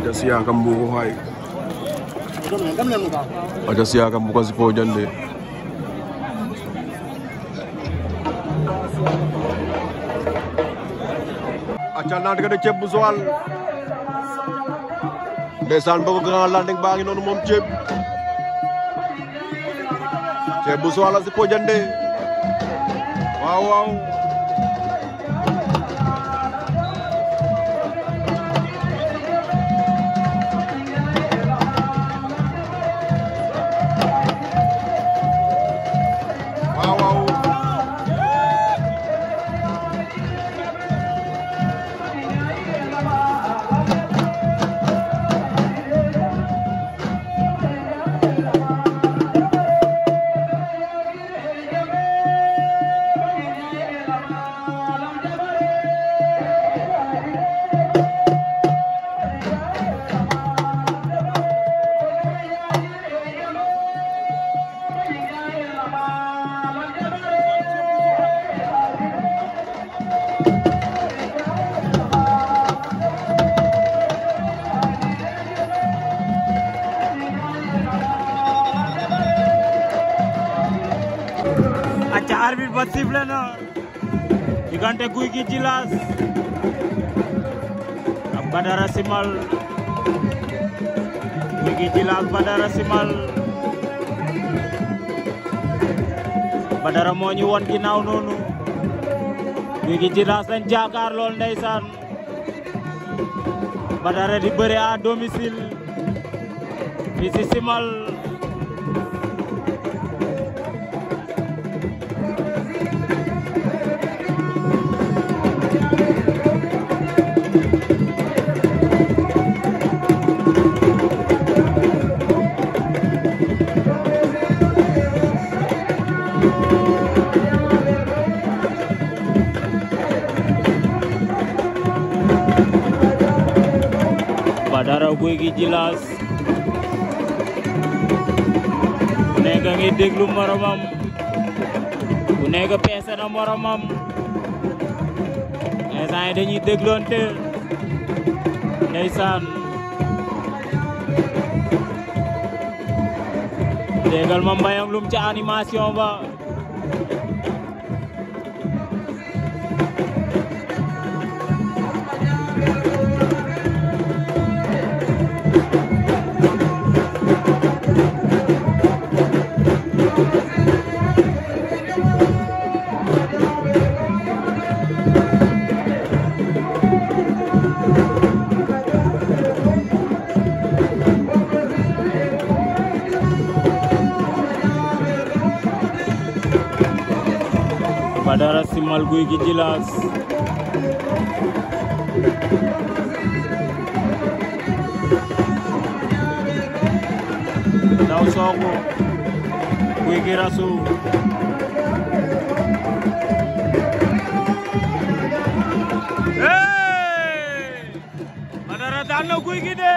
Ada siya kam buko hay ata siya kam buko sipo jande acha nat ga ceb bu soal ndeysaan bëgg grand landing baa ngi noonu cep ceeb ceeb bu soal la si po jande waaw waaw arbitre sifflé na diggante Gouye Gui Djilass ak Badara Simal Gouye Gui Djilass Badara Simal Badara moo ñu won ginnaaw noonu Gouye Gui Djilass lañ jaakaar lool ndeysaan Badara di bëre à domicile fii si Simal guy gi jilaas ku nekk a déglu moromam ku nekk peese na moromam instant yi dañuy dégloonte ndeysaan déggal ma mbayam lum ca ba normal guy gi jilaas ndaw sooxu guy gi rasu hey Badara daan na guy gi de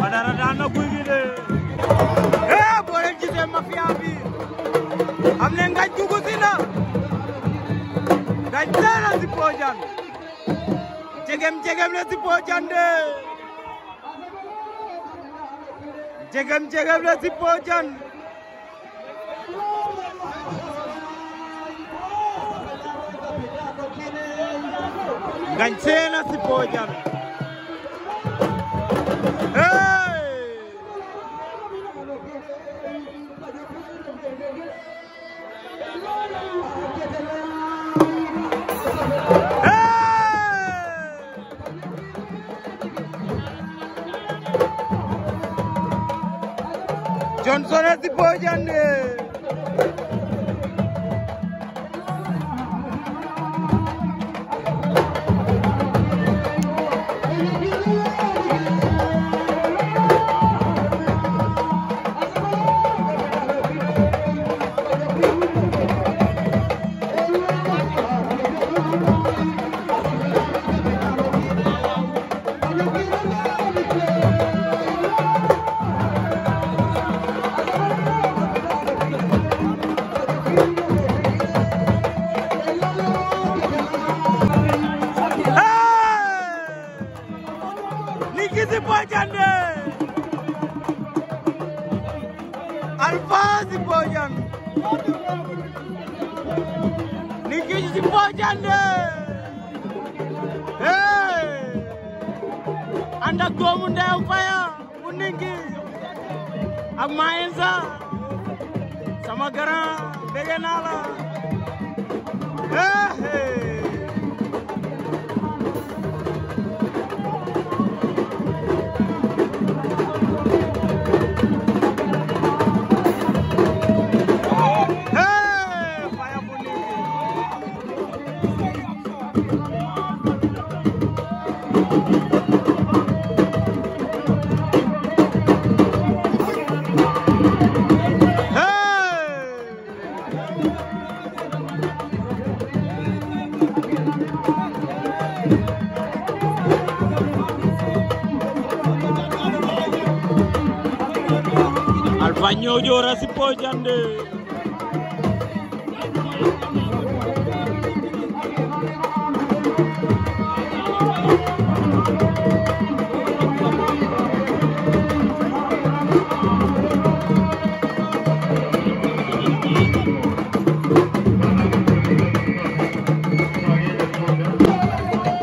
Badara daan na guy mafia bi am ne Ngagne dugg si na Ngagne teel a Zippo Diane jegem jegem la Zippo Diane de jegem jegem la Zippo Diane Ngagne teel a Zippo Diane John Soné si Boy Diandé Sippojande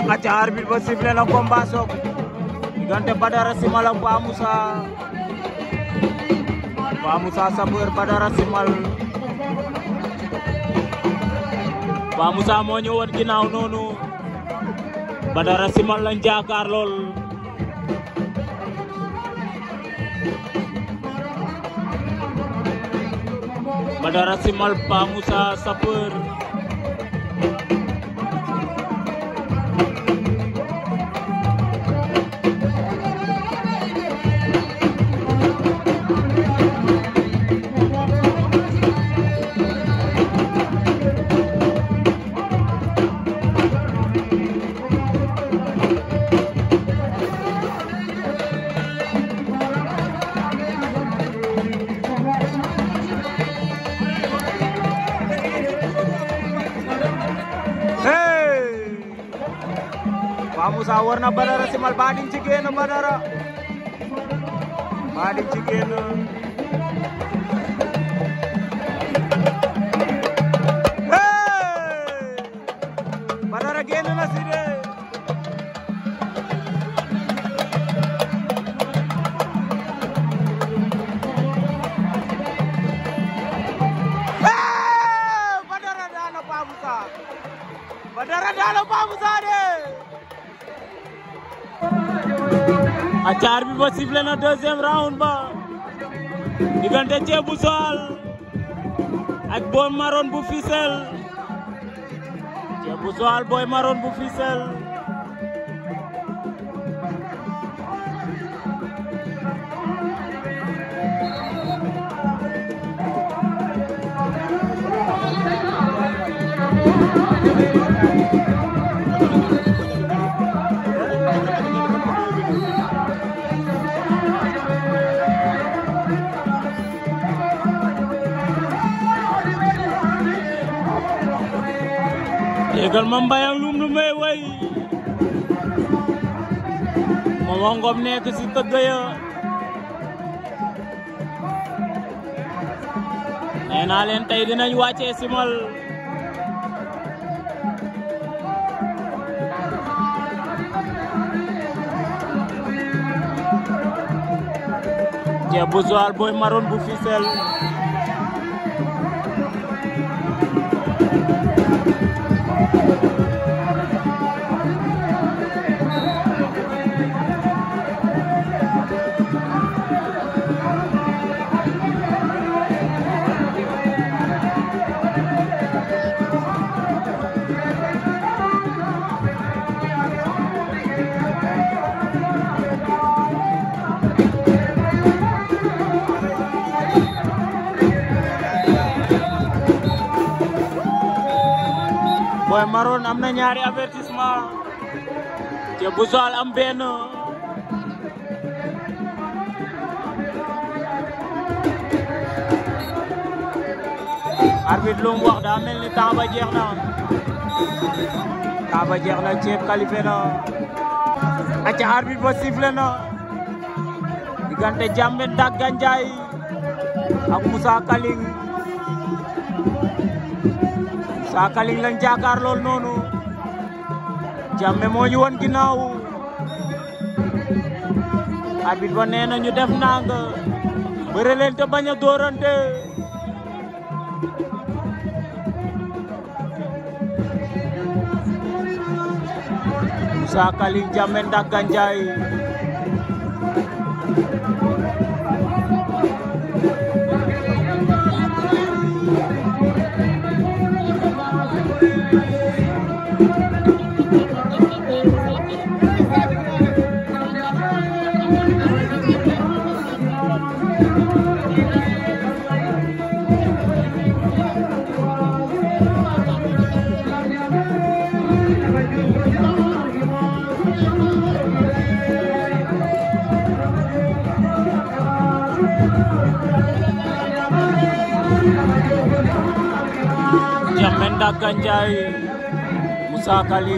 aca arbitre ba sifflé na combat soog pada Badara Simalang bu Amoussa Vamos a Samuel pada rasimal Vamos a moño original nono. Pada rasimal rasimal lañ jaakaar lool Badara Simal Pa xool ba di ci génn Badara ba di ci génn na deuxième round ba diggante Thié bu Joal bu Fissel Thié bu Maroon bu Fissel tegal ma mbayang lum lumay eh, way Momo Ngom nekk ci tëgg ya nee naa leen tey dinañ wàccee simal ya bu boy maron bu Fissel Thank you. Maroon amna ñaari avertissement te bu am ben arbitre lu wax da melni temps ba jeexna ta ba jeexna ci ceeb na aca arbitre ba sifflé na diggante Jambe Ndak ak musa Kaling Paaka Liñ lañ lool noonu Jammeh moo ñu won ginnaaw ba nee na ñu def nang bëre leen te bañ a dóorante Moussa Kaling Jammeh Ndak saca ali.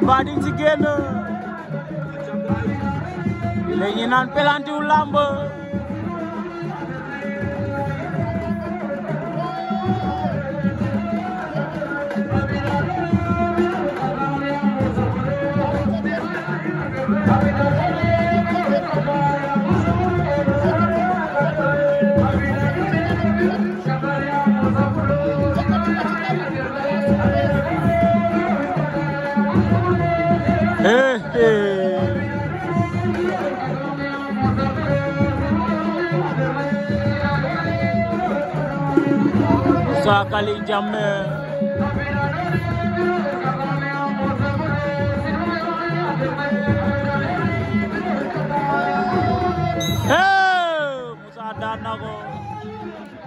mais ba di ci génn léegi ñu naan pelantiwu làmb Moussa Kaly Jammeh hey ko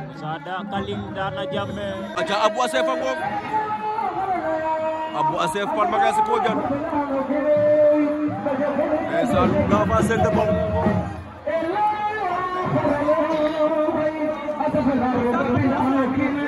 Moussa da Kaly daan na Jammeh aca Abou Assef a ngoog Abou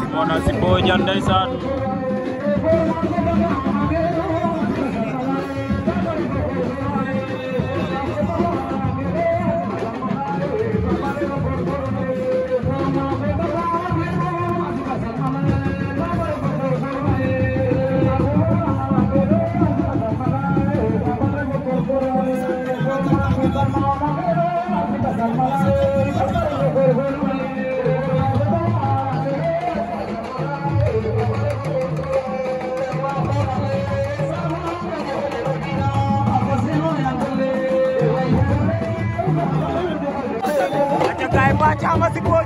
Simona si Boy ndeysaan Mama Sikwa.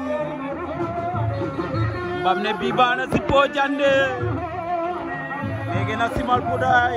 ndeysaan mbam ne bi baana jande léegi na simal budaay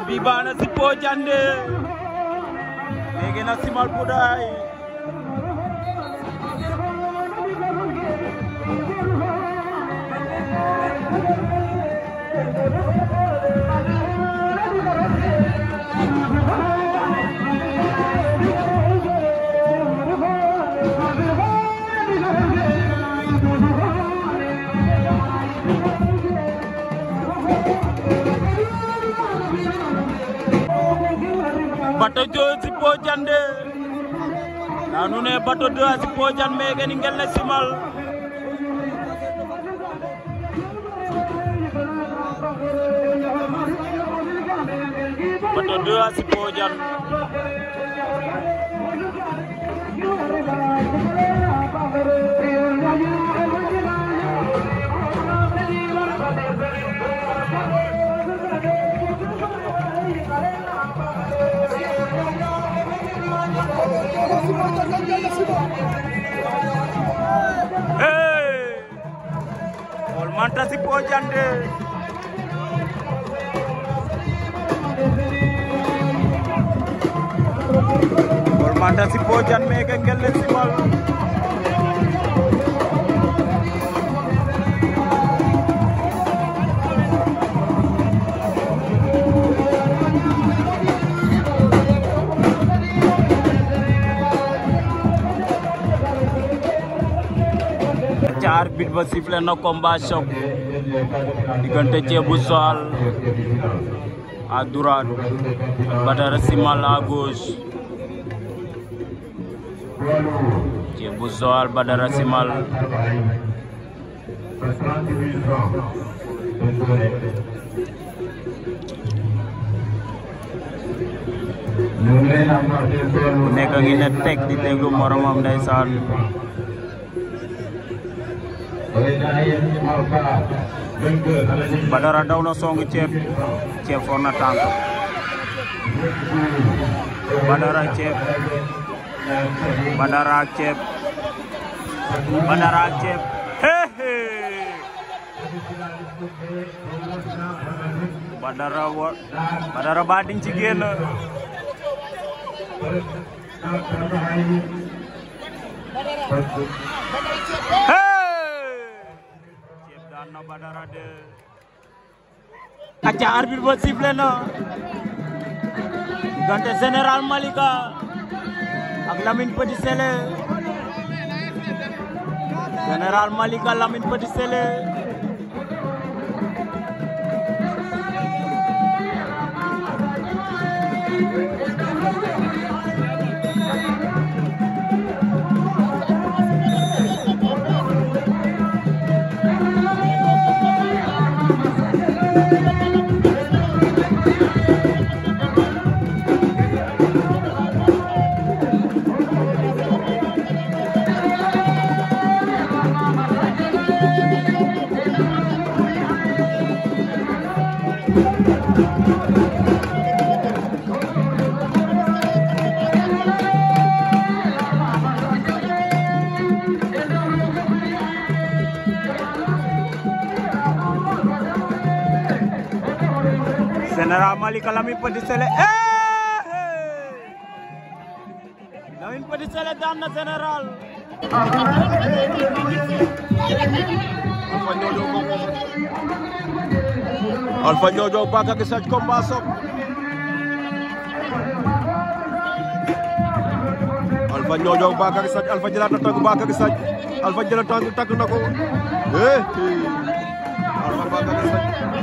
Te Bibana Sipho Diandé léegi na simal budaay bateau 2 Djibo Diande na nune bateau a Djibo Diande meegeni ngel ne simal Ngol Manta si Pojante Ngol Manta si Pojante meke ngel le simal arbitre va siffler nos combats choc diggante tirer Joal à droite Badara Simal à gauche Ceebu Badara Simal ku nekk a ngi di déglu moromam Badara daw na songu cep, ceeb forna na Badara ceeb Badara ceeb Badara ceeb badara hey Badara wa Badara ba diñ Badara 2 acca arbitre ba sifflé na diggante Général Malika ak Lamine Petit Sélé Général Malika Lamine Petit Sélé Thank you. Ramali kalami padisele. Lamin padisele damna general. Alfa Jojo Alpha Jojo baka kesat kombasok. Alfa Jojo baka kesat Alfa Jelata tag baka kesat Alfa Jelata tag nako. Eh. Alfa baka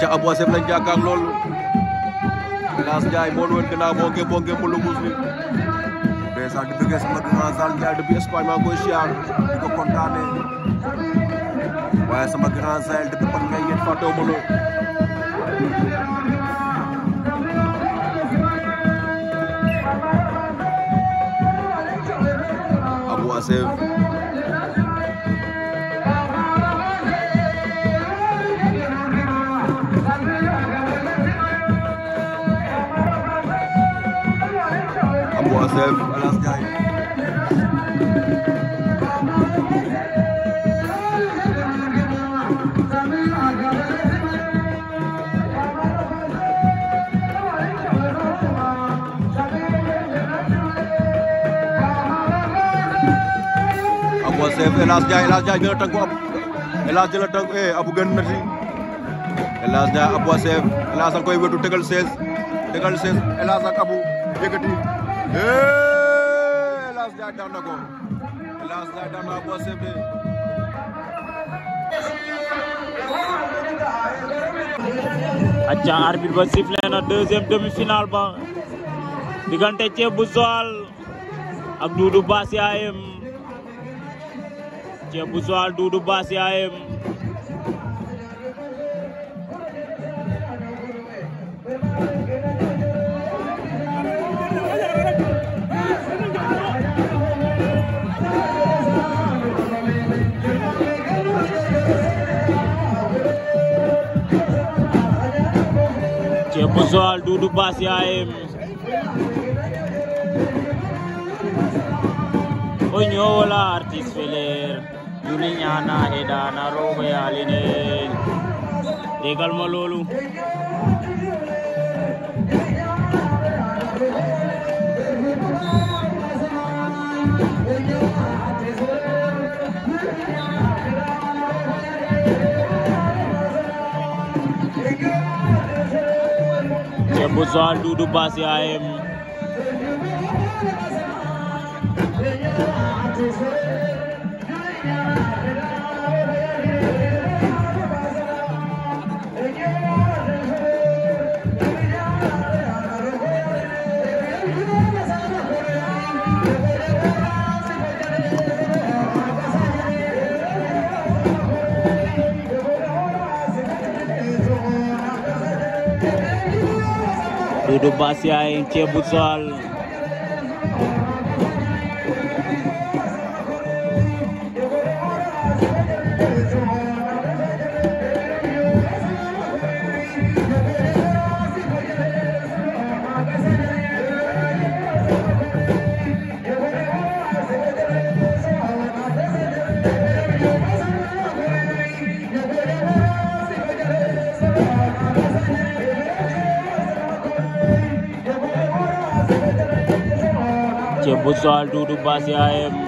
ca Abou Assef lañ jàkkaar lool Lass Ndiaye moo woon gannaaw moo ngi bonge mu lumus bi ndeysaan di bëggee sama grand Sall Ndiaye depuis Espagne maa ngi koy siyaar di ko kontaane waaye sama grand Sall depuis Joseph Alas Ndiaye Joseph El Hadj Ndiaye El Hadj Ndiaye jëla tànku ab El Hadj jëla tànku eh abu gën na ci El Hadj Ndiaye ab Joseph El Hadj koy wetu tegal 16 tegal 16 El Hadj ak abu yëkkati hee Elhadj Ndiaye daan na ko Elhadj Ndiaye daan na Boy CB acca arbitre ba sifflé na deuxième demi-finale ba diggante Thieb bu Joal ak Doudou Basse Yayem Thieb bu Joal Doudou Basse Yayem Joal Doudou Bass yaayem o ñoowola artiste feleer juli ñaana e daana roog o yaalin également loolu was on Dudu Basi I am. Yeah. Doudou Basse Yaye ceebu Joal उस साल डूडू पास आए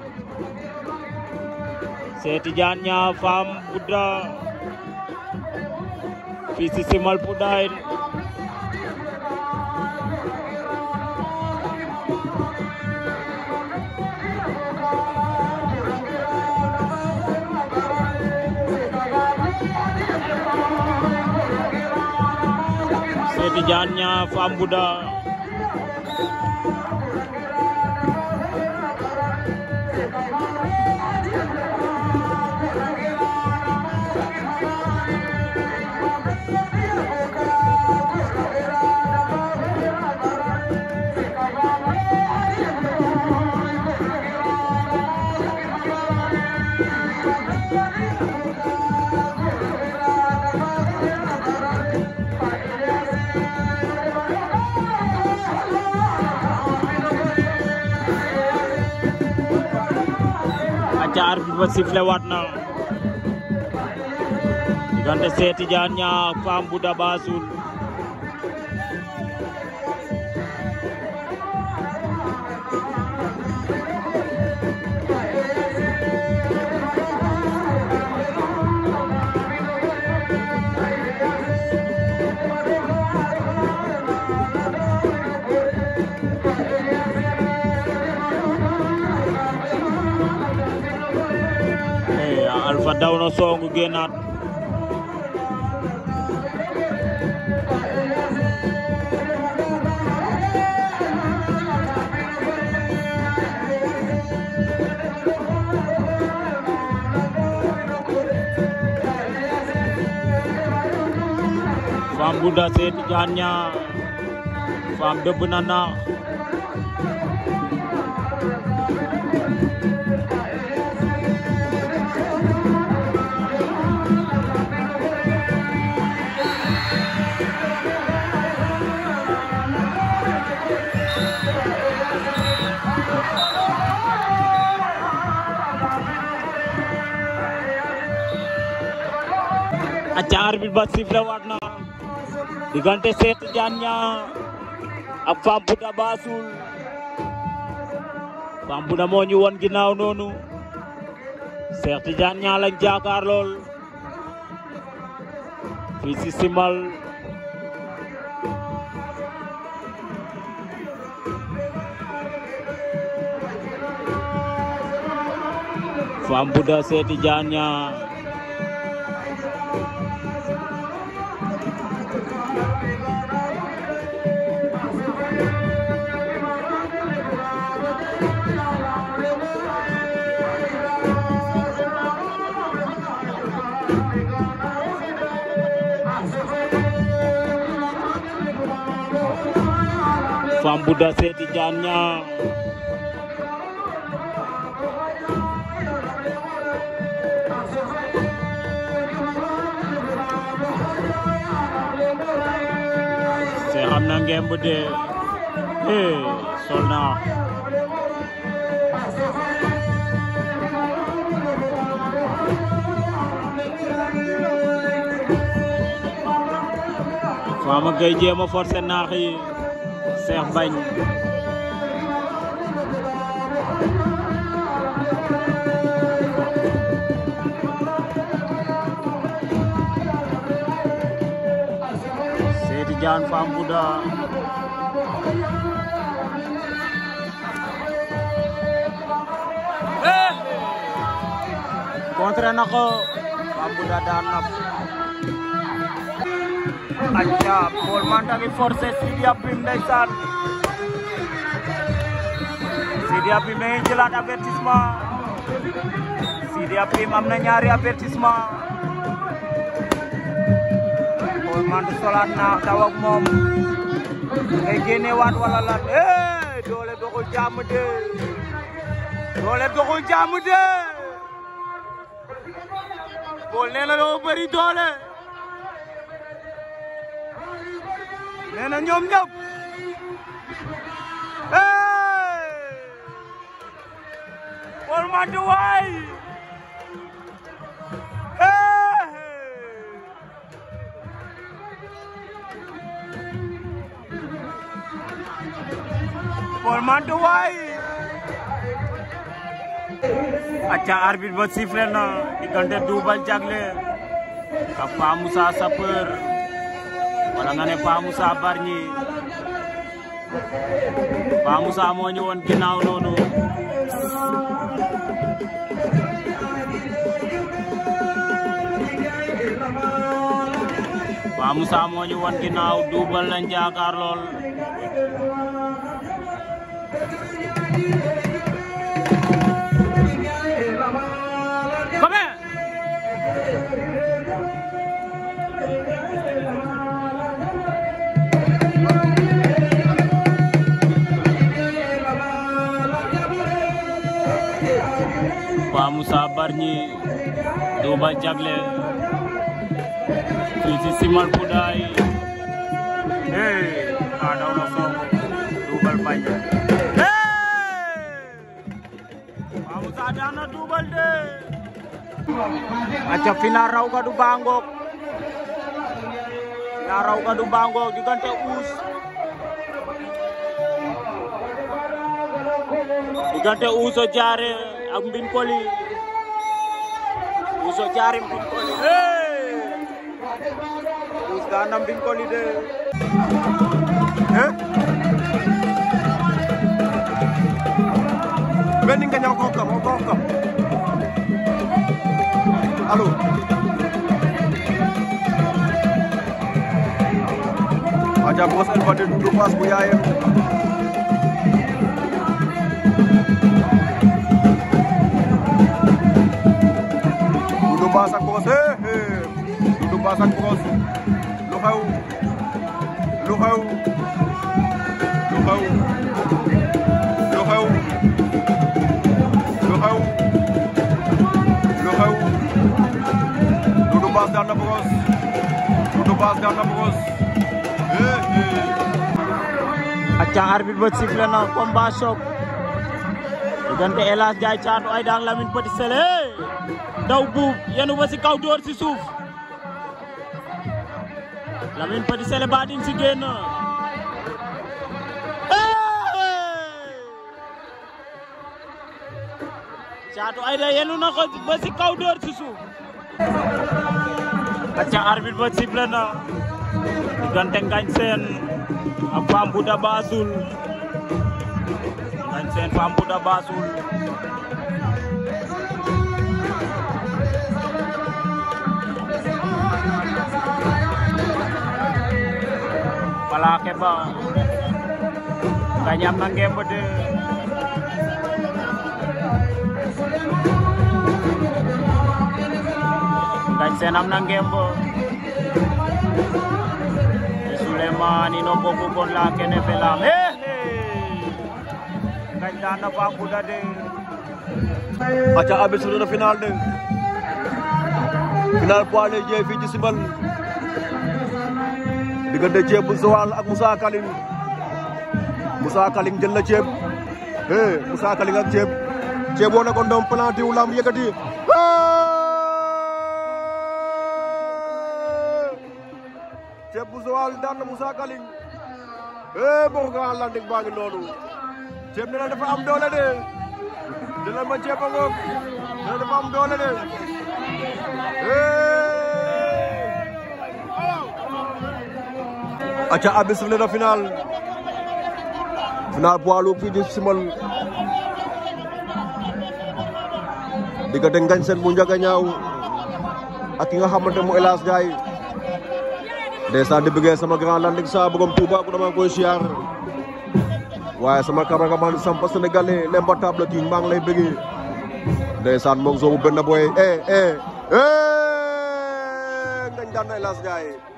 seeti jaan ñaa faam budda fii si simal puddaay seeti ba sifflé waat na diggante Cheikh Tidiane Niang Fane Bouda Bassoul daun songu genat Fam Buddha Seti Janya Fam Debenana acca arbitre ba sifflé waat na diggante Cheikh Tidiane Niang ak Fam Bouda Bassoul Fam Bouda moo ñu won ginnaaw noonu Cheikh Tidiane Niang lañ jaakaar lool fii si Simal Fam Bouda Cheikh Tidiane Niang Sambu dasi di jannya, Seram game bude. Eh, solna. Mama gay jema forcer naax Cheikh Mbagne Seeti Jaan Fam Bouda kontre na ko Fam Bouda daan na acca Paul man tamit forcé Sidi Abim ndeysaan Sidi Abim ma ngi jëlaat avertissement Sidi Abim am na ñaari avertissement Paul man du solaat na daw ak moom ngay génne waat wala lan eh doole doxul jàmm de doole doxul jàmm de Paul nee na doo bëri doole nee na ñoom ñëpp Paul Made waay Paul Made waay acca arbitre ba sifflé na diggante Double Diaglé ak Pa Moussa Sapeur wala nga ne Pa Moussa Bargny Pa Moussa moo ñëwoon ginnaaw noonu Pa Moussa moo ñu woon duubal lañ jaakaar lool musabar ñi Douba Diaglé fii hey ada orang, na song Doubal bañ Waaw Moussa daan final rau kadu bangok final kadu bangkok, bangok digante us digante uso jaare ak poli. Ouzo Diarème Mbine Coly Ouzo daan na Mbine de hein benn nga ñaw ko kam o ko alo aja boos el de dudu paas bu yaayam Bass ak Brosse eh Doudou Bass ak Brosse lu xew lu xew lu xew lu xew lu xew lu xew Doudou Bass daan na Brosse Doudou Bass daan na Brosse eh acca arbitre ba sifflé na combat choc diggante El Hadj Ndiaye Thiatou Aidara ak Lamine Petit Sélé daw buub yenu ba si kaw dóor si suuf Lamine Petit Sélé Bading si génn Thiatou Aida yenu na ko ba si kaw dóor si suuf acca arbitre ba sifflé na diggante Ngagne Sène ak Fane Bouta Bassoul Ngagne Sène Fane Bouta lalaki ba? Kanya man kayo po din. Kahit senam ng game po. Suleman, inobokukon laki ni Pelam. Eh! Kahit dana pa ako de. Acha abis sudah final de. Final puan JV Jisiman. diggante ceeb bu Joal ak Moussa Kaling Moussa Kaling jël na ceeb eh Moussa Kaling ak ceeb ceeb woo na ko ndoom planté ceeb bu Joal daan na Moussa Kaling eh bokk nga landing baa ngi noonu ceeb nee na dafa am doole de jëlal ma ceeb ba ngoog na dafa am doole de acha abis sifle na final final poids lourd di Simal di Ngagne sen bu Ndiaga Niaw ak ki nga xamante mu Elhadj Ndiaye di bëggee sama grand landing sa borom Touba ku dama koy siyaar waaye sama cameraman sampa sénégalais lemba table king maa ngi lay bëggee ndeysaan moom soobu boy eh eh eh ngañ elas jai.